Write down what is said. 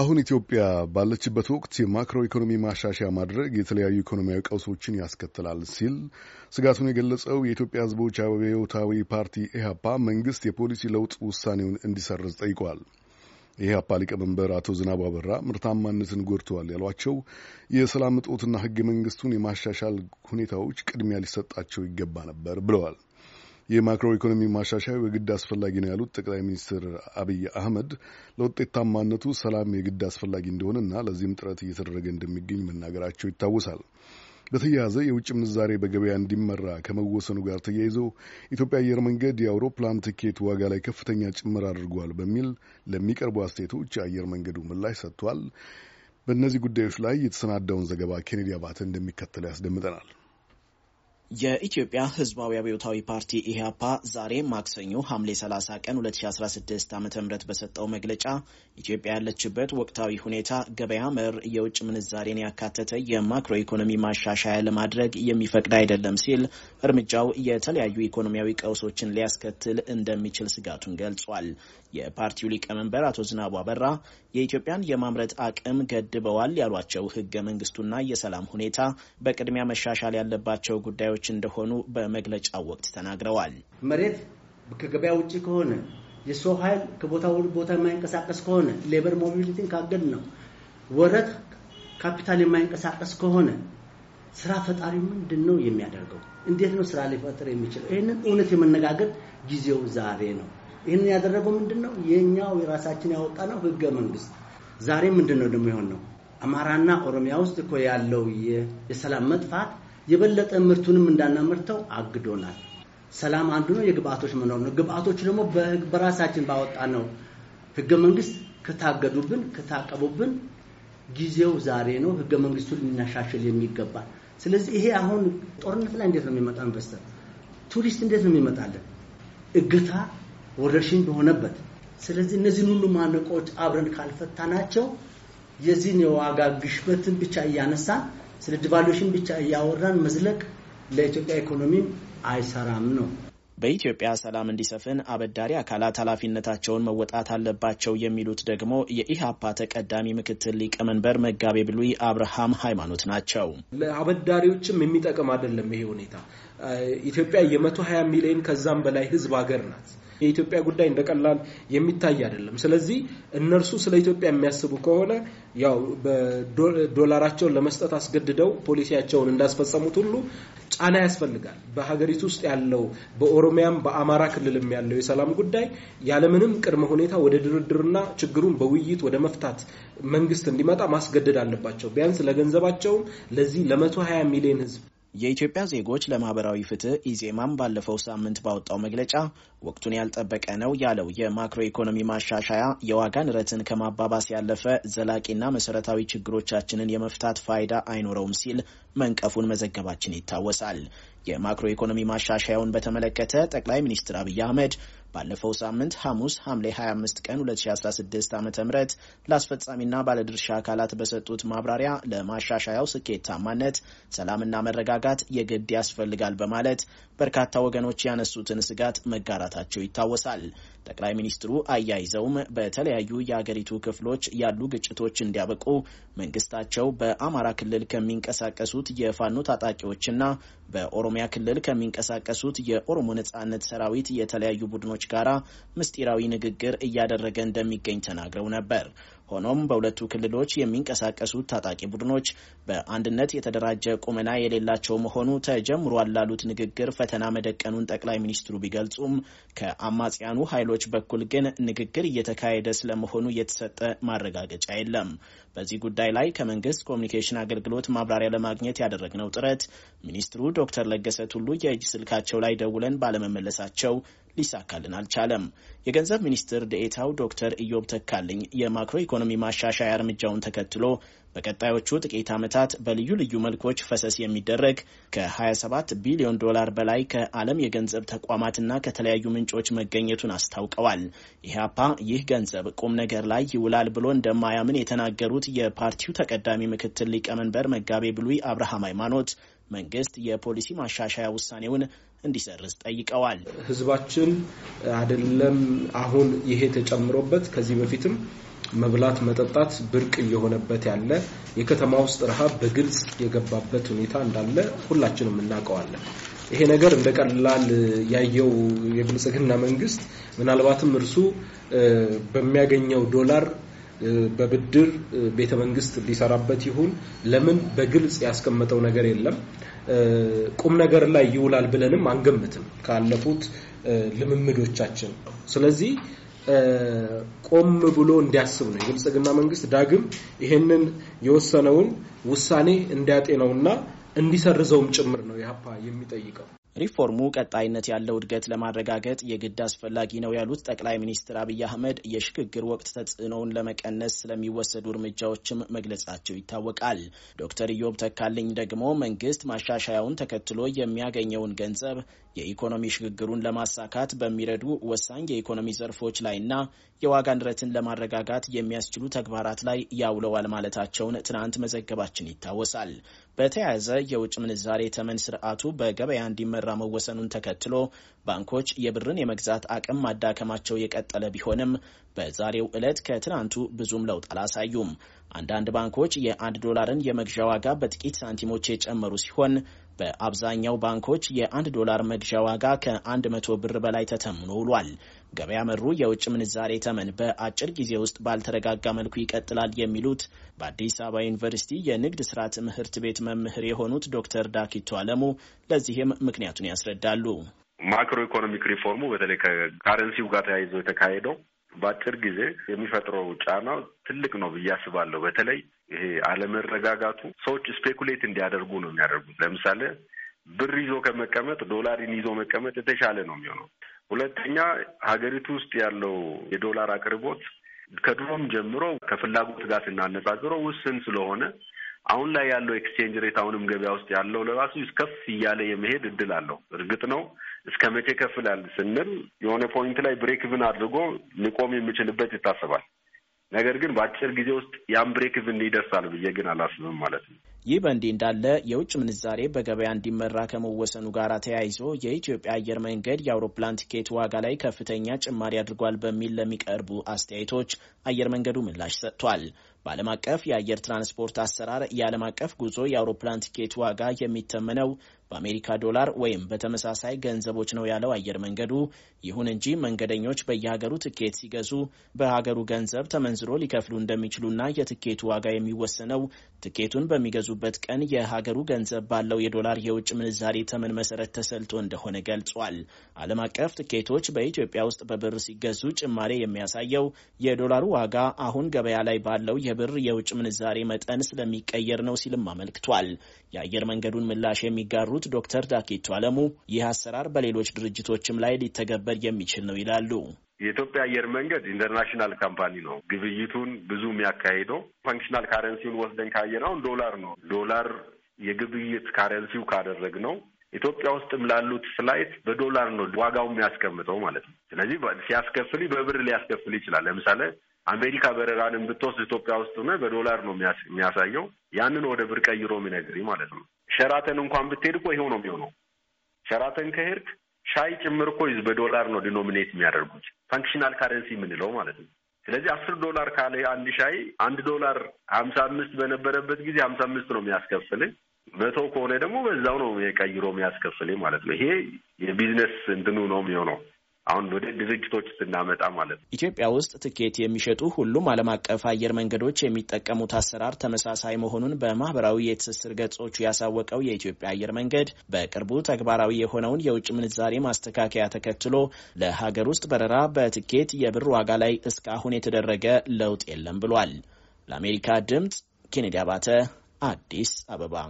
አሁን ኢትዮጵያ ባለችበት ወቅት የማክሮ ኢኮኖሚ ማሻሻያ ማድረግ የተለያዩ ኢኮኖሚያዊ ቀውሶችን ያስከትላል ሲል ስጋቱን የገለጸው የኢትዮጵያ ሕዝቦች አብዮታዊ ፓርቲ ኢህአፓ መንግስት የፖሊሲ ለውጥ ውሳኔውን እንዲሰርዝ ጠይቋል። የኢህአፓ ሊቀመንበር አቶ ዝናቡ አበራ ምርታማነትን ጎድተዋል ያሏቸው የሰላም እጦትና ህገ መንግስቱን የማሻሻል ሁኔታዎች ቅድሚያ ሊሰጣቸው ይገባ ነበር ብለዋል። የማክሮ ኢኮኖሚ ማሻሻያው የግድ አስፈላጊ ነው ያሉት ጠቅላይ ሚኒስትር አብይ አህመድ ለውጤታማነቱ ሰላም የግድ አስፈላጊ እንደሆነና ለዚህም ጥረት እየተደረገ እንደሚገኝ መናገራቸው ይታወሳል። በተያያዘ የውጭ ምንዛሬ በገበያ እንዲመራ ከመወሰኑ ጋር ተያይዞ ኢትዮጵያ አየር መንገድ የአውሮፕላን ትኬት ዋጋ ላይ ከፍተኛ ጭምር አድርጓል በሚል ለሚቀርቡ አስተያየቶች አየር መንገዱ ምላሽ ሰጥቷል። በእነዚህ ጉዳዮች ላይ የተሰናዳውን ዘገባ ኬኔዲ አባተ እንደሚከተለው ያስደምጠናል። የኢትዮጵያ ህዝባዊ አብዮታዊ ፓርቲ ኢህአፓ ዛሬ ማክሰኞ ሐምሌ 30 ቀን 2016 ዓ ም በሰጠው መግለጫ ኢትዮጵያ ያለችበት ወቅታዊ ሁኔታ ገበያ መር የውጭ ምንዛሬን ያካተተ የማክሮ ኢኮኖሚ ማሻሻያ ለማድረግ የሚፈቅድ አይደለም ሲል እርምጃው የተለያዩ ኢኮኖሚያዊ ቀውሶችን ሊያስከትል እንደሚችል ስጋቱን ገልጿል። የፓርቲው ሊቀመንበር አቶ ዝናቡ አበራ የኢትዮጵያን የማምረት አቅም ገድበዋል ያሏቸው ህገ መንግስቱና የሰላም ሁኔታ በቅድሚያ መሻሻል ያለባቸው ጉዳዮች ጉዳዮች እንደሆኑ በመግለጫው ወቅት ተናግረዋል። መሬት ከገበያ ውጭ ከሆነ የሰው ኃይል ከቦታ ወደ ቦታ የማይንቀሳቀስ ከሆነ ሌበር ሞቢሊቲን ካገድ ነው ወረት ካፒታል የማይንቀሳቀስ ከሆነ ስራ ፈጣሪ ምንድን ነው የሚያደርገው? እንዴት ነው ስራ ሊፈጥር የሚችለው? ይህንን እውነት የመነጋገር ጊዜው ዛሬ ነው። ይህንን ያደረገው ምንድን ነው? የኛው የራሳችን ያወጣ ነው ህገ መንግስት። ዛሬ ምንድን ነው ደግሞ የሆነው? አማራና ኦሮሚያ ውስጥ እኮ ያለው የሰላም መጥፋት የበለጠ ምርቱንም እንዳናመርተው አግዶናል። ሰላም አንዱ ነው፣ የግብአቶች መኖር ነው። ግብአቶቹ ደግሞ በራሳችን ባወጣ ነው ህገ መንግስት ከታገዱብን ከታቀቡብን ጊዜው ዛሬ ነው። ህገ መንግስቱን ልናሻሽል የሚገባ ስለዚህ ይሄ አሁን ጦርነት ላይ እንዴት ነው የሚመጣ ኢንቨስተር? ቱሪስት እንዴት ነው የሚመጣለን? እገታ ወረርሽኝ በሆነበት ስለዚህ እነዚህን ሁሉ ማነቆች አብረን ካልፈታ ናቸው። የዚህን የዋጋ ግሽበትን ብቻ እያነሳን ስለ ዲቫሉሽን ብቻ እያወራን መዝለቅ ለኢትዮጵያ ኢኮኖሚም አይሰራም ነው። በኢትዮጵያ ሰላም እንዲሰፍን አበዳሪ አካላት ኃላፊነታቸውን መወጣት አለባቸው የሚሉት ደግሞ የኢህአፓ ተቀዳሚ ምክትል ሊቀመንበር መጋቤ ብሉይ አብርሃም ሃይማኖት ናቸው። ለአበዳሪዎችም የሚጠቅም አይደለም ይሄ ሁኔታ ኢትዮጵያ የመቶ 120 ሚሊዮን ከዛም በላይ ህዝብ ሀገር ናት። የኢትዮጵያ ጉዳይ እንደቀላል የሚታይ አይደለም። ስለዚህ እነርሱ ስለ ኢትዮጵያ የሚያስቡ ከሆነ ያው ዶላራቸውን ለመስጠት አስገድደው ፖሊሲያቸውን እንዳስፈጸሙት ሁሉ ጫና ያስፈልጋል። በሀገሪቱ ውስጥ ያለው በኦሮሚያም በአማራ ክልልም ያለው የሰላም ጉዳይ ያለምንም ቅድመ ሁኔታ ወደ ድርድርና ችግሩን በውይይት ወደ መፍታት መንግስት እንዲመጣ ማስገደድ አለባቸው ቢያንስ ለገንዘባቸውም ለዚህ ለመቶ 120 ሚሊዮን ህዝብ የኢትዮጵያ ዜጎች ለማህበራዊ ፍትህ ኢዜማም ባለፈው ሳምንት ባወጣው መግለጫ ወቅቱን ያልጠበቀ ነው ያለው የማክሮ ኢኮኖሚ ማሻሻያ የዋጋ ንረትን ከማባባስ ያለፈ ዘላቂና መሰረታዊ ችግሮቻችንን የመፍታት ፋይዳ አይኖረውም ሲል መንቀፉን መዘገባችን ይታወሳል። የማክሮ ኢኮኖሚ ማሻሻያውን በተመለከተ ጠቅላይ ሚኒስትር አብይ አህመድ ባለፈው ሳምንት ሐሙስ ሐምሌ 25 ቀን 2016 ዓ ም ለአስፈጻሚና ባለድርሻ አካላት በሰጡት ማብራሪያ ለማሻሻያው ስኬታማነት ሰላምና መረጋጋት የግድ ያስፈልጋል በማለት በርካታ ወገኖች ያነሱትን ስጋት መጋራታቸው ይታወሳል። ጠቅላይ ሚኒስትሩ አያይዘውም በተለያዩ የአገሪቱ ክፍሎች ያሉ ግጭቶች እንዲያበቁ መንግስታቸው በአማራ ክልል ከሚንቀሳቀሱት የፋኖ ታጣቂዎችና በኦሮሚያ ክልል ከሚንቀሳቀሱት የኦሮሞ ነጻነት ሰራዊት የተለያዩ ቡድኖች ጋራ ምስጢራዊ ንግግር እያደረገ እንደሚገኝ ተናግረው ነበር። ሆኖም በሁለቱ ክልሎች የሚንቀሳቀሱ ታጣቂ ቡድኖች በአንድነት የተደራጀ ቁመና የሌላቸው መሆኑ ተጀምሯል ላሉት ንግግር ፈተና መደቀኑን ጠቅላይ ሚኒስትሩ ቢገልጹም ከአማጽያኑ ኃይሎች በኩል ግን ንግግር እየተካሄደ ስለመሆኑ የተሰጠ ማረጋገጫ የለም። በዚህ ጉዳይ ላይ ከመንግስት ኮሚኒኬሽን አገልግሎት ማብራሪያ ለማግኘት ያደረግነው ጥረት ሚኒስትሩ ዶክተር ለገሰ ቱሉ የእጅ ስልካቸው ላይ ደውለን ባለመመለሳቸው ሊሳካልን አልቻለም። የገንዘብ ሚኒስትር ደኤታው ዶክተር ኢዮብ ተካልኝ የማክሮ ኢኮኖሚ ማሻሻያ እርምጃውን ተከትሎ በቀጣዮቹ ጥቂት ዓመታት በልዩ ልዩ መልኮች ፈሰስ የሚደረግ ከ27 ቢሊዮን ዶላር በላይ ከዓለም የገንዘብ ተቋማትና ከተለያዩ ምንጮች መገኘቱን አስታውቀዋል። ኢህአፓ ይህ ገንዘብ ቁም ነገር ላይ ይውላል ብሎ እንደማያምን የተናገሩት የፓርቲው ተቀዳሚ ምክትል ሊቀመንበር መጋቤ ብሉይ አብርሃም ሃይማኖት መንግስት የፖሊሲ ማሻሻያ ውሳኔውን እንዲሰርዝ ጠይቀዋል። ህዝባችን አይደለም አሁን ይሄ ተጨምሮበት ከዚህ በፊትም መብላት መጠጣት ብርቅ እየሆነበት ያለ የከተማ ውስጥ ረሃብ በግልጽ የገባበት ሁኔታ እንዳለ ሁላችንም እናውቀዋለን። ይሄ ነገር እንደ ቀላል ያየው የብልጽግና መንግስት ምናልባትም እርሱ በሚያገኘው ዶላር በብድር ቤተ መንግስት ሊሰራበት ይሁን ለምን በግልጽ ያስቀመጠው ነገር የለም። ቁም ነገር ላይ ይውላል ብለንም አንገምትም ካለፉት ልምምዶቻችን። ስለዚህ ቆም ብሎ እንዲያስብ ነው የብልጽግና መንግስት ዳግም ይሄንን የወሰነውን ውሳኔ እንዲያጤነውና እንዲሰርዘውም ጭምር ነው የሀፓ የሚጠይቀው። ሪፎርሙ ቀጣይነት ያለው እድገት ለማረጋገጥ የግድ አስፈላጊ ነው ያሉት ጠቅላይ ሚኒስትር አብይ አህመድ የሽግግር ወቅት ተጽዕኖውን ለመቀነስ ስለሚወሰዱ እርምጃዎችም መግለጻቸው ይታወቃል። ዶክተር ኢዮብ ተካልኝ ደግሞ መንግስት ማሻሻያውን ተከትሎ የሚያገኘውን ገንዘብ የኢኮኖሚ ሽግግሩን ለማሳካት በሚረዱ ወሳኝ የኢኮኖሚ ዘርፎች ላይና የዋጋ ንረትን ለማረጋጋት የሚያስችሉ ተግባራት ላይ ያውለዋል ማለታቸውን ትናንት መዘገባችን ይታወሳል። በተያያዘ የውጭ ምንዛሬ ተመን ስርዓቱ በገበያ እንዲመራ መወሰኑን ተከትሎ ባንኮች የብርን የመግዛት አቅም ማዳከማቸው የቀጠለ ቢሆንም በዛሬው ዕለት ከትናንቱ ብዙም ለውጥ አላሳዩም። አንዳንድ ባንኮች የአንድ ዶላርን የመግዣ ዋጋ በጥቂት ሳንቲሞች የጨመሩ ሲሆን በአብዛኛው ባንኮች የአንድ ዶላር መግዣ ዋጋ ከአንድ መቶ ብር በላይ ተተምኖ ውሏል። ገበያ መሩ የውጭ ምንዛሬ ተመን በአጭር ጊዜ ውስጥ ባልተረጋጋ መልኩ ይቀጥላል የሚሉት በአዲስ አበባ ዩኒቨርሲቲ የንግድ ስራ ትምህርት ቤት መምህር የሆኑት ዶክተር ዳኪቶ አለሙ ለዚህም ምክንያቱን ያስረዳሉ። ማክሮ ኢኮኖሚክ ሪፎርሙ በተለይ ከካረንሲው ጋር ተያይዞ የተካሄደው በአጭር ጊዜ የሚፈጥረው ጫና ትልቅ ነው ብዬ አስባለሁ። በተለይ ይሄ አለመረጋጋቱ ሰዎች ስፔኩሌት እንዲያደርጉ ነው የሚያደርጉት። ለምሳሌ ብር ይዞ ከመቀመጥ ዶላርን ይዞ መቀመጥ የተሻለ ነው የሚሆነው። ሁለተኛ ሀገሪቱ ውስጥ ያለው የዶላር አቅርቦት ከድሮም ጀምሮ ከፍላጎት ጋር ስናነጻጽረው ውስን ስለሆነ አሁን ላይ ያለው ኤክስቼንጅ ሬት አሁንም ገበያ ውስጥ ያለው ለራሱ ከፍ እያለ የመሄድ እድል አለው። እርግጥ ነው እስከ መቼ ከፍላል ስንል የሆነ ፖይንት ላይ ብሬክቭን አድርጎ ሊቆም የሚችልበት ይታሰባል። ነገር ግን በአጭር ጊዜ ውስጥ ያን ብሬክ ኢቭን ይደርሳል ብዬ ግን አላስብም ማለት ነው። ይህ በእንዲህ እንዳለ የውጭ ምንዛሬ በገበያ እንዲመራ ከመወሰኑ ጋር ተያይዞ የኢትዮጵያ አየር መንገድ የአውሮፕላን ቲኬት ዋጋ ላይ ከፍተኛ ጭማሪ አድርጓል በሚል ለሚቀርቡ አስተያየቶች አየር መንገዱ ምላሽ ሰጥቷል። በዓለም አቀፍ የአየር ትራንስፖርት አሰራር የዓለም አቀፍ ጉዞ የአውሮፕላን ቲኬት ዋጋ የሚተመነው በአሜሪካ ዶላር ወይም በተመሳሳይ ገንዘቦች ነው ያለው አየር መንገዱ። ይሁን እንጂ መንገደኞች በየሀገሩ ትኬት ሲገዙ በሀገሩ ገንዘብ ተመንዝሮ ሊከፍሉ እንደሚችሉና የትኬቱ ዋጋ የሚወሰነው ትኬቱን በሚገዙበት ቀን የሀገሩ ገንዘብ ባለው የዶላር የውጭ ምንዛሬ ተመን መሰረት ተሰልቶ እንደሆነ ገልጿል። ዓለም አቀፍ ትኬቶች በኢትዮጵያ ውስጥ በብር ሲገዙ ጭማሬ የሚያሳየው የዶላሩ ዋጋ አሁን ገበያ ላይ ባለው የብር የውጭ ምንዛሬ መጠን ስለሚቀየር ነው ሲልም አመልክቷል። የአየር መንገዱን ምላሽ የሚጋሩት ዶክተር ዳኬቱ አለሙ ይህ አሰራር በሌሎች ድርጅቶችም ላይ ሊተገበር የሚችል ነው ይላሉ። የኢትዮጵያ አየር መንገድ ኢንተርናሽናል ካምፓኒ ነው። ግብይቱን ብዙ የሚያካሂደው ፋንክሽናል ካረንሲውን ወስደን ካየነውን ዶላር ነው። ዶላር የግብይት ካረንሲው ካደረግ ነው ኢትዮጵያ ውስጥም ላሉት ፍላይት በዶላር ነው ዋጋው የሚያስቀምጠው ማለት ነው። ስለዚህ ሲያስከፍል በብር ሊያስከፍል ይችላል። ለምሳሌ አሜሪካ በረራንም ብትወስድ ኢትዮጵያ ውስጥ ሆነ በዶላር ነው የሚያሳየው። ያንን ወደ ብር ቀይሮ የሚነግርህ ማለት ነው። ሸራተን እንኳን ብትሄድ እኮ ይሄው ነው የሚሆነው። ሸራተን ከሄድክ ሻይ ጭምር እኮ ይዝ በዶላር ነው ዲኖሚኔት የሚያደርጉት ፋንክሽናል ካረንሲ የምንለው ማለት ነው። ስለዚህ አስር ዶላር ካለ አንድ ሻይ አንድ ዶላር ሀምሳ አምስት በነበረበት ጊዜ ሀምሳ አምስት ነው የሚያስከፍልህ። መቶ ከሆነ ደግሞ በዛው ነው የቀይሮ የሚያስከፍልህ ማለት ነው። ይሄ የቢዝነስ እንትኑ ነው የሚሆነው። አሁን ወደ ድርጅቶች ስናመጣ ማለት ነው። ኢትዮጵያ ውስጥ ትኬት የሚሸጡ ሁሉም ዓለም አቀፍ አየር መንገዶች የሚጠቀሙት አሰራር ተመሳሳይ መሆኑን በማህበራዊ የትስስር ገጾቹ ያሳወቀው የኢትዮጵያ አየር መንገድ በቅርቡ ተግባራዊ የሆነውን የውጭ ምንዛሬ ማስተካከያ ተከትሎ ለሀገር ውስጥ በረራ በትኬት የብር ዋጋ ላይ እስካሁን የተደረገ ለውጥ የለም ብሏል። ለአሜሪካ ድምፅ ኬኔዲ አባተ አዲስ አበባ